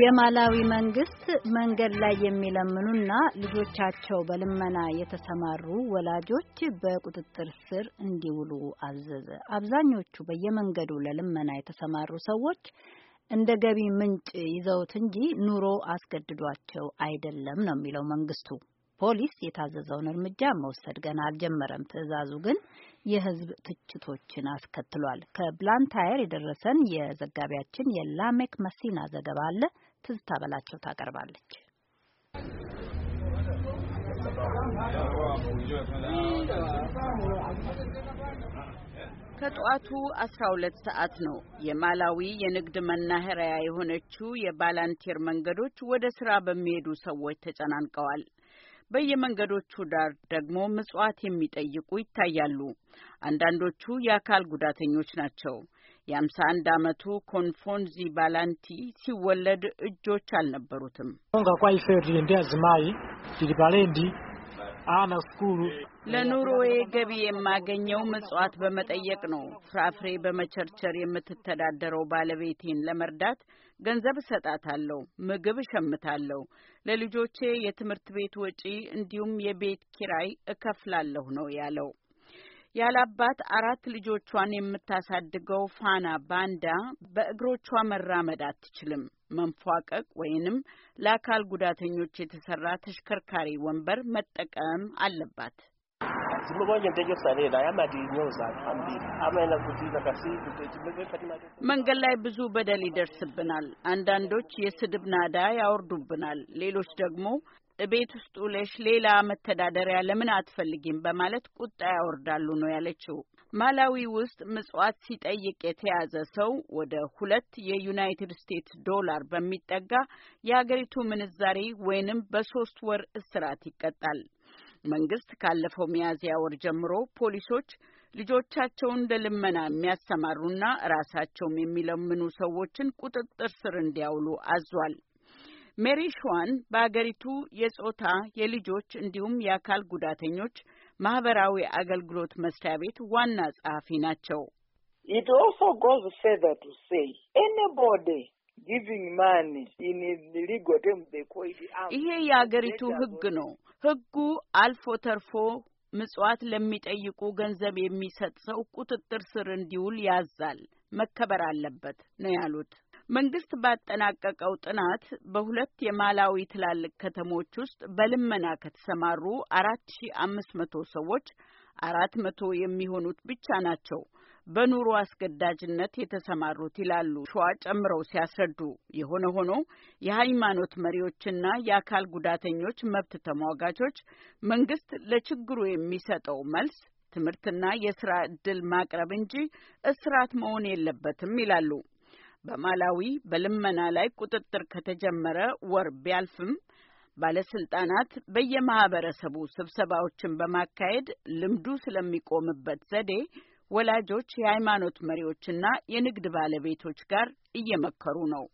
የማላዊ መንግስት መንገድ ላይ የሚለምኑና ልጆቻቸው በልመና የተሰማሩ ወላጆች በቁጥጥር ስር እንዲውሉ አዘዘ። አብዛኞቹ በየመንገዱ ለልመና የተሰማሩ ሰዎች እንደ ገቢ ምንጭ ይዘውት እንጂ ኑሮ አስገድዷቸው አይደለም ነው የሚለው መንግስቱ። ፖሊስ የታዘዘውን እርምጃ መውሰድ ገና አልጀመረም። ትዕዛዙ ግን የህዝብ ትችቶችን አስከትሏል። ከብላንታየር የደረሰን የዘጋቢያችን የላሜክ መሲና ዘገባ አለ። ትዝታ በላቸው ታቀርባለች። ከጠዋቱ 12 ሰዓት ነው የማላዊ የንግድ መናኸሪያ የሆነችው የባላንቴር መንገዶች ወደ ስራ በሚሄዱ ሰዎች ተጨናንቀዋል። በየመንገዶቹ ዳር ደግሞ ምጽዋት የሚጠይቁ ይታያሉ። አንዳንዶቹ የአካል ጉዳተኞች ናቸው። የአምሳ አንድ ዓመቱ ኮንፎንዚ ባላንቲ ሲወለድ እጆች አልነበሩትም። ለኑሮዬ ገቢ የማገኘው ምጽዋት በመጠየቅ ነው። ፍራፍሬ በመቸርቸር የምትተዳደረው ባለቤቴን ለመርዳት ገንዘብ እሰጣታለሁ፣ ምግብ እሸምታለሁ፣ ለልጆቼ የትምህርት ቤት ወጪ እንዲሁም የቤት ኪራይ እከፍላለሁ ነው ያለው። ያላባት አራት ልጆቿን የምታሳድገው ፋና ባንዳ በእግሮቿ መራመድ አትችልም። መንፏቀቅ ወይንም ለአካል ጉዳተኞች የተሰራ ተሽከርካሪ ወንበር መጠቀም አለባት። መንገድ ላይ ብዙ በደል ይደርስብናል። አንዳንዶች የስድብ ናዳ ያወርዱብናል። ሌሎች ደግሞ ቤት ውስጥ ውለሽ ሌላ መተዳደሪያ ለምን አትፈልጊም በማለት ቁጣ ያወርዳሉ ነው ያለችው። ማላዊ ውስጥ ምጽዋት ሲጠይቅ የተያዘ ሰው ወደ ሁለት የዩናይትድ ስቴትስ ዶላር በሚጠጋ የሀገሪቱ ምንዛሬ ወይንም በሶስት ወር እስራት ይቀጣል። መንግስት ካለፈው ሚያዝያ ወር ጀምሮ ፖሊሶች ልጆቻቸውን ለልመና የሚያሰማሩና ራሳቸውም የሚለምኑ ሰዎችን ቁጥጥር ስር እንዲያውሉ አዟል። ሜሪ ሽዋን በአገሪቱ የጾታ የልጆች እንዲሁም የአካል ጉዳተኞች ማህበራዊ አገልግሎት መስሪያ ቤት ዋና ጸሐፊ ናቸው። ይሄ የአገሪቱ ህግ ነው። ህጉ አልፎ ተርፎ ምጽዋት ለሚጠይቁ ገንዘብ የሚሰጥ ሰው ቁጥጥር ስር እንዲውል ያዛል፣ መከበር አለበት ነው ያሉት። መንግስት ባጠናቀቀው ጥናት በሁለት የማላዊ ትላልቅ ከተሞች ውስጥ በልመና ከተሰማሩ አራት ሺ አምስት መቶ ሰዎች አራት መቶ የሚሆኑት ብቻ ናቸው በኑሮ አስገዳጅነት የተሰማሩት ይላሉ ሸዋ ጨምረው ሲያስረዱ። የሆነ ሆኖ የሃይማኖት መሪዎችና የአካል ጉዳተኞች መብት ተሟጋቾች መንግስት ለችግሩ የሚሰጠው መልስ ትምህርትና የስራ እድል ማቅረብ እንጂ እስራት መሆን የለበትም ይላሉ። በማላዊ በልመና ላይ ቁጥጥር ከተጀመረ ወር ቢያልፍም ባለስልጣናት በየማህበረሰቡ ስብሰባዎችን በማካሄድ ልምዱ ስለሚቆምበት ዘዴ ወላጆች፣ የሃይማኖት መሪዎችና የንግድ ባለቤቶች ጋር እየመከሩ ነው።